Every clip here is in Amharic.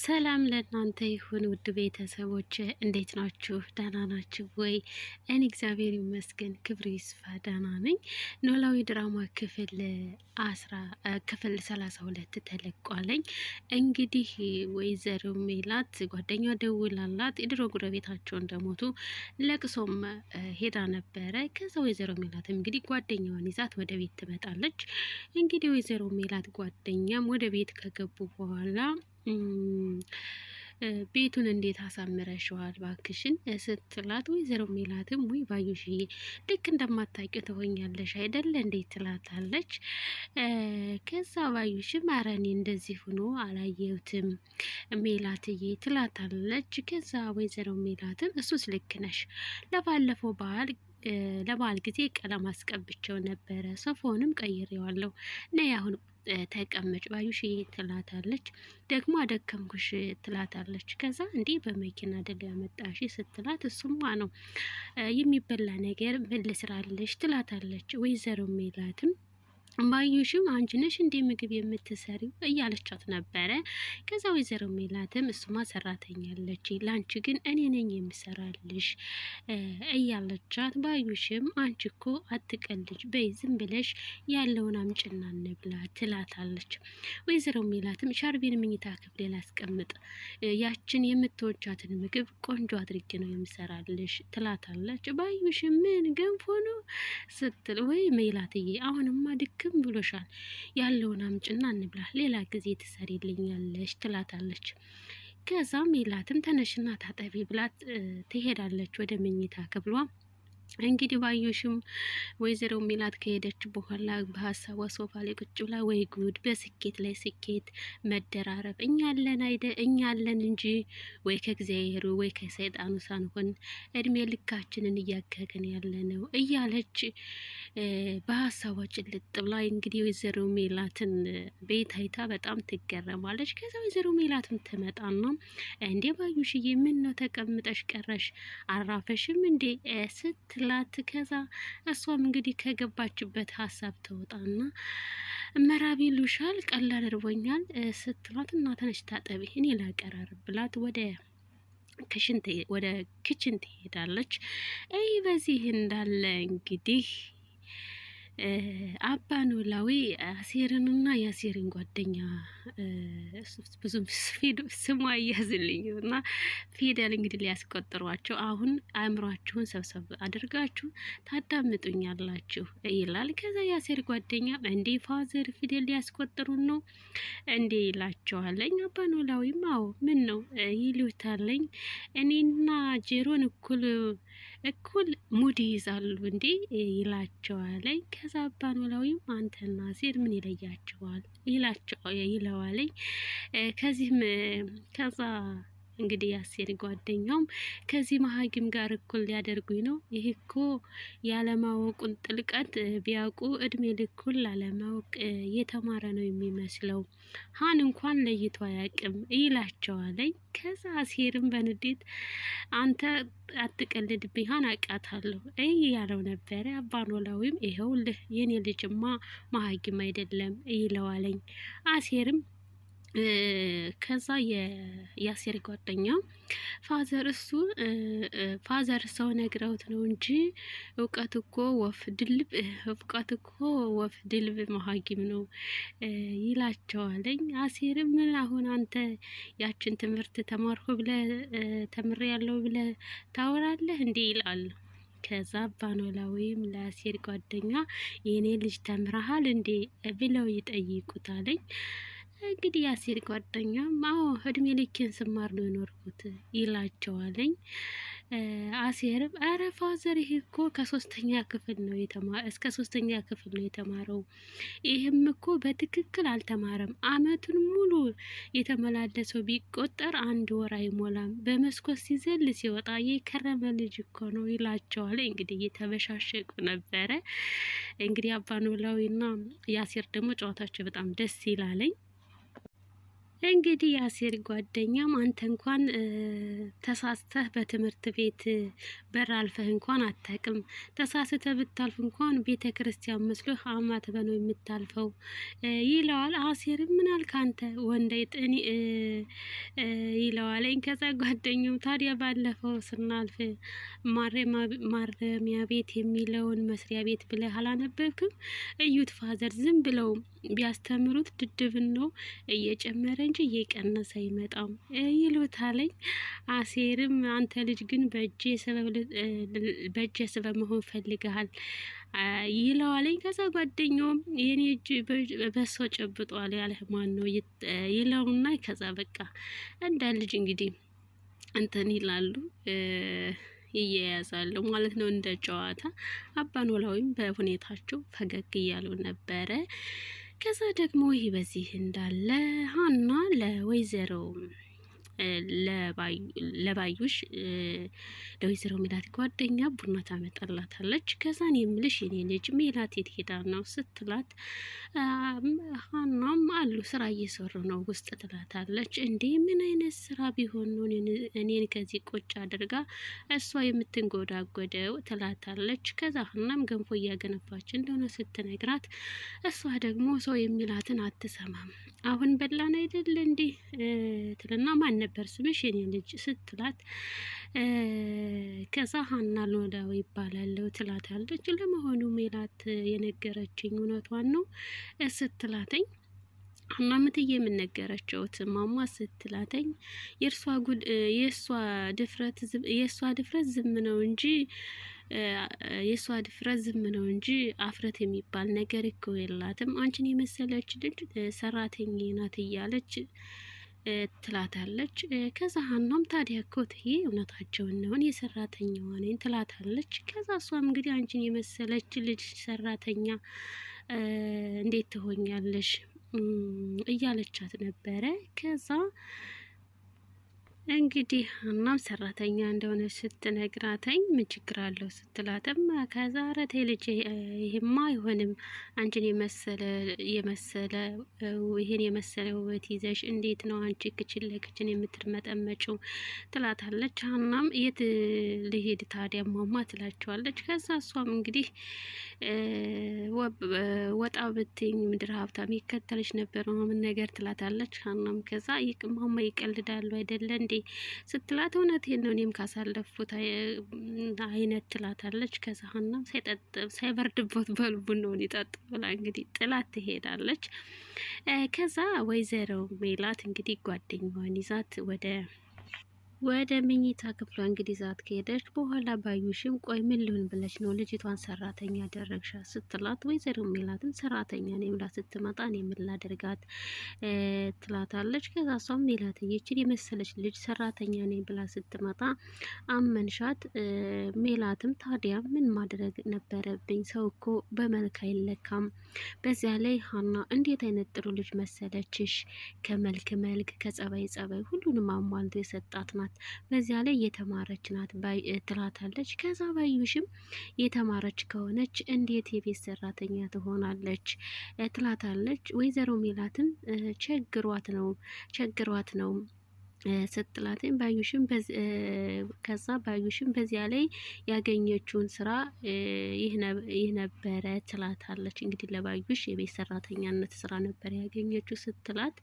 ሰላም ለእናንተ ይሁን ውድ ቤተሰቦች፣ እንዴት ናችሁ? ደህና ናችሁ ወይ? እኔ እግዚአብሔር ይመስገን ክብሩ ይስፋ ደህና ነኝ። ኖላዊ ድራማ ክፍል አስራ ክፍል ሰላሳ ሁለት ተለቋለኝ። እንግዲህ ወይዘሮ ሜላት ጓደኛ ደውላላት የድሮ ጉረቤታቸው እንደሞቱ ለቅሶም ሄዳ ነበረ። ከዛ ወይዘሮ ሜላትም እንግዲህ ጓደኛዋን ይዛት ወደ ቤት ትመጣለች። እንግዲህ ወይዘሮ ሜላት ጓደኛም ወደ ቤት ከገቡ በኋላ ቤቱን እንዴት አሳምረሽዋል ባክሽን ስትላት፣ ወይዘሮ ሜላትም ወይ ባዩሽዬ ልክ እንደማታውቂው ትሆኛለሽ አይደለ እንዴት ትላታለች። ከዛ ባዩሽም ኧረ እኔ እንደዚህ ሆኖ አላየሁትም ሜላትዬ ትላታለች። ከዛ ወይዘሮ ሜላትም እሱስ ልክ ነሽ ለባለፈው በዓል ለበዓል ጊዜ ቀለም አስቀብቸው ነበረ ሶፋውንም ቀይሬዋለሁ ነይ አሁን ተቀመጭ ባዩሽ ትላታለች። ደግሞ አደከምኩሽ ትላታለች። ከዛ እንዲህ በመኪና አደጋ ያመጣሽ ስትላት እሱማ ነው የሚበላ ነገር ምን ልስራለሽ ትላታለች። ወይዘሮ ሜላትም ባዩሽም አንቺ ነሽ እንዴ ምግብ የምትሰሪው እያለቻት ነበረ። ከዛ ወይዘሮ ሜላትም እሱማ ሰራተኛ አለች፣ ለአንቺ ግን እኔ ነኝ የምሰራልሽ እያለቻት፣ ባዩሽም አንቺ እኮ አትቀልጅ፣ በይ ዝም ብለሽ ያለውን አምጭና እንብላ ትላታለች። ወይዘሮ ሜላትም ሻርቤን ምኝታ ክፍሌ ላስቀምጥ፣ ያችን የምትወጃትን ምግብ ቆንጆ አድርጌ ነው የምሰራልሽ ትላታለች። ባዩሽም ምን ገንፎ ነው ስትል፣ ወይ ሜላትዬ አሁንማ ድክ ድክም ብሎሻል፣ ያለውን አምጭና እንብላ፣ ሌላ ጊዜ ትሰሪልኛለሽ ትላታለች። ከዛም ሜላትም ተነሽና ታጠቢ ብላት ትሄዳለች ወደ መኝታ ክፍሏ። እንግዲህ ባዩሽም ወይዘሮ ሚላት ከሄደች በኋላ በሀሳቧ ሶፋ ላይ ቁጭ ብላ ወይ ጉድ፣ በስኬት ላይ ስኬት መደራረብ፣ እኛ ለን አይደ እኛ አለን እንጂ ወይ ከእግዚአብሔሩ ወይ ከሰይጣኑ ሳንሆን እድሜ ልካችንን እያከክን ያለ ነው እያለች በሀሳቧ ጭልጥ ብላ እንግዲህ ወይዘሮ ሚላትን ቤት አይታ በጣም ትገረማለች። ከዛ ወይዘሮ ሚላትም ትመጣና እንዴ ባዩሽዬ፣ ምን ነው ተቀምጠሽ ቀረሽ አራፈሽም እንዴ ስት ላት ከዛ እሷም እንግዲህ ከገባችበት ሀሳብ ተወጣና መራቢ ሉሻል ቀላል እርቦኛል ስትላት እና ተነሽ ታጠቢ እኔ ላቀራርብ ብላት ወደ ክሽን ወደ ክችን ትሄዳለች። ይህ በዚህ እንዳለ እንግዲህ አባ ኖላዊ አሴርንና የአሴርን ጓደኛ ብዙም ስሙ አያዝልኝም እና ፊደል እንግዲህ ሊያስቆጥሯቸው አሁን አእምሯችሁን ሰብሰብ አድርጋችሁ ታዳምጡኛላችሁ ይላል። ከዛ ያሴር ጓደኛ እንዴ ፋዘር ፊደል ሊያስቆጥሩን ነው እንዴ ይላቸዋለኝ። አባ ኖላዊም አዎ ምን ነው ይሉታለኝ። እኔና ጄሮን እኩል እኩል ሙድ ይይዛሉ እንዴ ይላቸዋለኝ። ከዛ አባ ኖላዊም አንተና ሴር ምን ይለያቸዋል ይላቸው ስለዋለኝ ከዚህም ከዛ እንግዲህ የአሴር ጓደኛውም ከዚህ መሀጊም ጋር እኩል ሊያደርጉኝ ነው። ይህ እኮ ያለማወቁን ጥልቀት ቢያውቁ እድሜ ልኩን ላለማወቅ የተማረ ነው የሚመስለው። ሀን እንኳን ለይቶ አያውቅም ይላቸዋለኝ። ከዛ አሴርም በንዴት አንተ አትቀልድ ሀን አቃታለሁ እይ ያለው ነበረ። አባኖላዊም ይኸውልህ የኔ ልጅማ መሀኪም አይደለም ይለዋለኝ። አሴርም ከዛ የያሴር ጓደኛ ፋዘር እሱ ፋዘር ሰው ነግረውት ነው እንጂ እውቀት እኮ ወፍ ድልብ እውቀት እኮ ወፍ ድልብ መሀጊም ነው ይላቸዋለኝ። አሴርም ምን አሁን አንተ ያችን ትምህርት ተማርኩ ብለ ተምሬ ያለው ብለ ታወራለህ እንዲህ ይላል። ከዛ ባኖላዊም ለአሴር ጓደኛ የኔ ልጅ ተምረሃል እንዴ ብለው ይጠይቁታለኝ። እንግዲህ ያሴር ጓደኛ አዎ እድሜ ልኬን ስማር ነው የኖርኩት ይላቸዋለኝ። አሴርም አረ ፋዘር ይህ እኮ ከሶስተኛ ክፍል ነው እስከ ሶስተኛ ክፍል ነው የተማረው። ይህም እኮ በትክክል አልተማረም። አመቱን ሙሉ የተመላለሰው ቢቆጠር አንድ ወር አይሞላም። በመስኮት ሲዘል ሲወጣ የከረመ ልጅ እኮ ነው ይላቸዋል። እንግዲህ እየተበሻሸቁ ነበረ። እንግዲህ አባኖላዊ ኖላዊና ያሴር ደግሞ ጨዋታቸው በጣም ደስ ይላለኝ። እንግዲህ የአሴር ጓደኛም አንተ እንኳን ተሳስተህ በትምህርት ቤት በር አልፈህ እንኳን አታውቅም። ተሳስተህ ብታልፍ እንኳን ቤተ ክርስቲያን መስሎህ አማትበ ነው የምታልፈው ይለዋል። አሴር ምናል አልክ አንተ ጥኒ አይጥ እኔ ከዛ ጓደኛው ታዲያ ባለፈው ስናልፍ ማረሚያ ቤት የሚለውን መስሪያ ቤት ብለህ አላነበብክም? እዩት ፋዘር ዝም ብለው ቢያስተምሩት ድድብን ነው እየጨመረ እንጂ እየቀነሰ አይመጣም ይሉታለኝ። አሴርም አንተ ልጅ ግን በእጄ ሰበብ መሆን ፈልገሃል ይለዋለኝ። ከዛ ጓደኛውም የኔ እጅ በሰው ጨብጧል ያለህ ማን ነው ይለውና ከዛ በቃ እንዳ ልጅ እንግዲህ እንትን ይላሉ ይያያዛሉ ማለት ነው። እንደ ጨዋታ አባኖላዊም በሁኔታቸው ፈገግ እያሉ ነበረ። ከዛ ደግሞ ይህ በዚህ እንዳለ ሀና ለወይዘሮ ለባዩሽ ለወይዘሮ ሜላት ጓደኛ ቡና ታመጣላታለች። ከዛን የምልሽ የኔ ልጅ ሜላት የት ሄዳ ነው ስትላት፣ ሀናም አሉ ስራ እየሰሩ ነው ውስጥ ትላታለች። እንዴ ምን አይነት ስራ ቢሆን ነው እኔን ከዚህ ቁጭ አድርጋ እሷ የምትንጎዳጎደው ትላታለች። ከዛ ሀናም ገንፎ እያገነፋች እንደሆነ ስትነግራት፣ እሷ ደግሞ ሰው የሚላትን አትሰማም። አሁን በላን አይደል እንዲህ ትልና ማን ነበር ስምሽ የኔ ልጅ ስትላት፣ ከዛ ሀና ኖላዊ ይባላለሁ ትላታለች። ለመሆኑ ሜላት የነገረችኝ እውነቷን ነው ስትላተኝ አማምትዬ የምነገረችውት ማማ ስትላተኝ የእርሷ ጉድ የእሷ ድፍረት የእሷ ድፍረት ዝም ነው እንጂ የእሷ ድፍረት ዝም ነው እንጂ አፍረት የሚባል ነገር እኮ የላትም። አንቺን የመሰለች ልጅ ሰራተኛ ናት እያለች ትላታለች። ከዛ ሀናም ታዲያ ኮትዬ ትዬ እውነታቸውን ነውን የሰራተኛዋ ነኝ ትላታለች። ከዛ እሷም እንግዲህ አንቺን የመሰለች ልጅ ሰራተኛ እንዴት ትሆኛለሽ እያለቻት ነበረ ከዛ እንግዲህ ሀናም ሰራተኛ እንደሆነ ስትነግራተኝ ምን ችግር አለው ስትላትም ከዛረ ልጅ ይህማ አይሆንም፣ አንቺን የመሰለ የመሰለ ይህን የመሰለ ውበት ይዘሽ እንዴት ነው አንቺ ክችን ለክችን የምትመጠመጭው ትላታለች። ሀናም የት ልሄድ ታዲያ ማማ ትላቸዋለች። ከዛ እሷም እንግዲህ ወጣ ብትኝ ምድር ሀብታም ይከተለች ነበር ምን ነገር ትላታለች። ሀናም ከዛ ማማ ይቀልዳሉ አይደለ እንዴ ስትላት እውነቴን ነው እኔም ካሳለፉት አይነት ትላታለች። ከዛ ሀናም ሳይበርድቦት በልቡ ነው ይጠጥ ብላ እንግዲህ ጥላት ትሄዳለች። ከዛ ወይዘሮ ሜላት እንግዲህ ጓደኛዋን ይዛት ወደ ወደ መኝታ ክፍሏ እንግዲህ ዛት ከሄደች በኋላ ባዩሽም ቆይ ምን ልሁን ብለች ነው ልጅቷን ሰራተኛ ደረግሻ ስትላት፣ ወይዘሮ ሜላትም ሰራተኛ ነው ብላ ስትመጣ እኔ ምን ላደርጋት ትላታለች። ከዛ እሷም ሜላት ይችን የመሰለች ልጅ ሰራተኛ ነው ብላ ስትመጣ አመንሻት። ሜላትም ታዲያ ምን ማድረግ ነበረብኝ? ሰው እኮ በመልክ አይለካም። በዚያ ላይ ሀና እንዴት አይነት ጥሩ ልጅ መሰለችሽ! ከመልክ መልክ፣ ከጸባይ ጸባይ ሁሉንም አሟልቶ የሰጣት ናት ናት፣ በዚያ ላይ የተማረች ናት ትላታለች። ከዛ ባዩሽም የተማረች ከሆነች እንዴት የቤት ሰራተኛ ትሆናለች ትላታለች። ወይዘሮ ሜላትም ቸግሯት ነው ቸግሯት ነው ስትላትኝ ባዩሽን ከዛ ባዩሽን በዚያ ላይ ያገኘችውን ስራ ይህ ነበረ ትላታለች። እንግዲህ ለባዩሽ የቤት ሰራተኛነት ስራ ነበር ያገኘችው ስትላት፣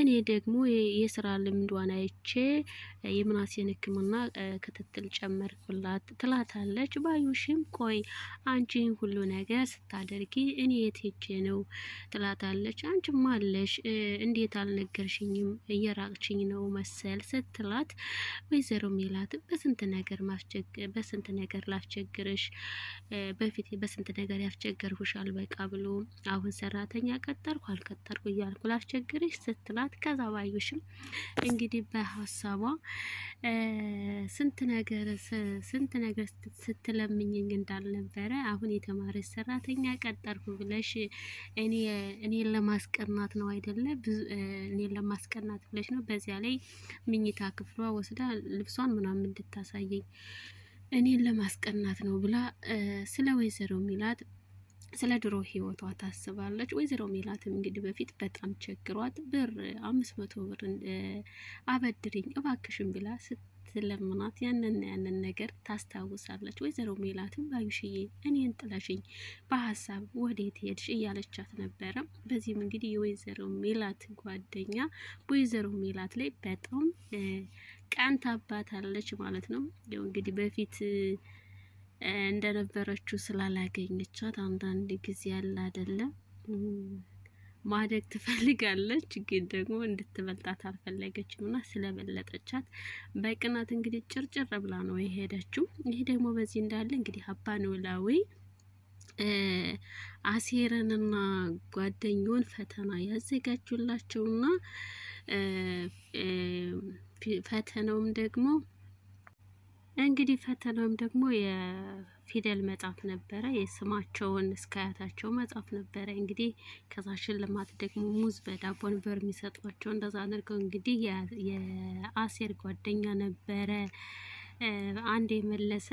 እኔ ደግሞ የስራ ልምዷን አይቼ የምናሴን ሕክምና ክትትል ጨመርኩላት ትላታለች። ባዩሽም ቆይ አንቺን ሁሉ ነገር ስታደርጊ እኔ የት ሄጄ ነው ትላታለች። አንቺም አለሽ እንዴት አልነገርሽኝም? እየራቅችኝ ነው መሰል ስትላት ወይዘሮ ሜላት በስንት ነገር ማስቸገር በስንት ነገር ላስቸግርሽ፣ በፊት በስንት ነገር ያስቸገርኩሽ አልበቃ ብሎ አሁን ሰራተኛ ቀጠርኩ አልቀጠርኩ እያልኩ ላስቸግርሽ ስትላት ከዛ ባዩሽም እንግዲህ በሀሳቧ ስንት ነገር ስንት ነገር ስትለምኝኝ እንዳልነበረ አሁን የተማረች ሰራተኛ ቀጠርኩ ብለሽ እኔ እኔን ለማስቀናት ነው አይደለ? እኔን ለማስቀናት ብለሽ ነው። በዚያ ላይ ምኝታ ክፍሏ ወስዳ ልብሷን ምናምን እንድታሳየኝ እኔን ለማስቀናት ነው ብላ ስለ ወይዘሮ ሚላት ስለ ድሮ ህይወቷ ታስባለች። ወይዘሮ ሜላትም እንግዲህ በፊት በጣም ቸግሯት ብር አምስት መቶ ብር አበድሪኝ እባክሽን ብላ ስለምናት ያንንና ያንን ነገር ታስታውሳለች። ወይዘሮ ሜላትም ባዩሽዬ እኔን ጥለሽኝ በሀሳብ ወዴት ሄድሽ እያለቻት ነበረ። በዚህም እንግዲህ የወይዘሮ ሜላት ጓደኛ በወይዘሮ ሜላት ላይ በጣም ቀንታባታለች ማለት ነው። ያው እንግዲህ በፊት እንደነበረችው ስላላገኘቻት አንዳንድ ጊዜ ያለ አይደለም ማደግ ትፈልጋለች፣ ግን ደግሞ እንድትበልጣት አልፈለገችም እና ስለበለጠቻት በቅናት እንግዲህ ጭርጭር ብላ ነው የሄደችው። ይህ ደግሞ በዚህ እንዳለ እንግዲህ አባ ኖላዊ አሴርንና ጓደኛውን ፈተና ያዘጋጁላቸውና ፈተናውም ደግሞ እንግዲህ ፈተናውም ደግሞ ፊደል መጻፍ ነበረ። የስማቸውን እስከ አያታቸው መጻፍ ነበረ። እንግዲህ ከዛ ሽልማት ደግሞ ሙዝ በዳቦ ነበር የሚሰጧቸው። እንደዛ አድርገው እንግዲህ የአሴር ጓደኛ ነበረ አንድ የመለሰ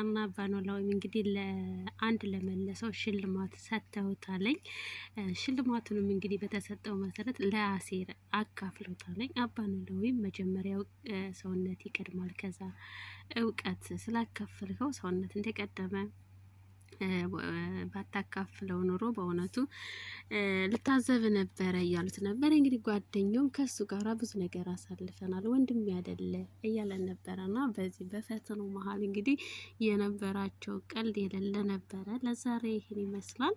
እና አባኖላዊም እንግዲህ ለአንድ ለመለሰው ሽልማት ሰጥተውታለኝ። ሽልማቱንም እንግዲህ በተሰጠው መሰረት ለአሴር አካፍለውታለኝ። አባኖላዊም መጀመሪያው ሰውነት ይቀድማል፣ ከዛ እውቀት ስላካፈልከው ሰውነት እንደቀደመ ባታካፍለው ኑሮ በእውነቱ ልታዘብ ነበረ እያሉት ነበረ። እንግዲህ ጓደኛውም ከሱ ጋር ብዙ ነገር አሳልፈናል ወንድም ያደለ እያለን ነበረና በዚህ በፈተናው መሀል እንግዲህ የነበራቸው ቀልድ የሌለ ነበረ። ለዛሬ ይህን ይመስላል።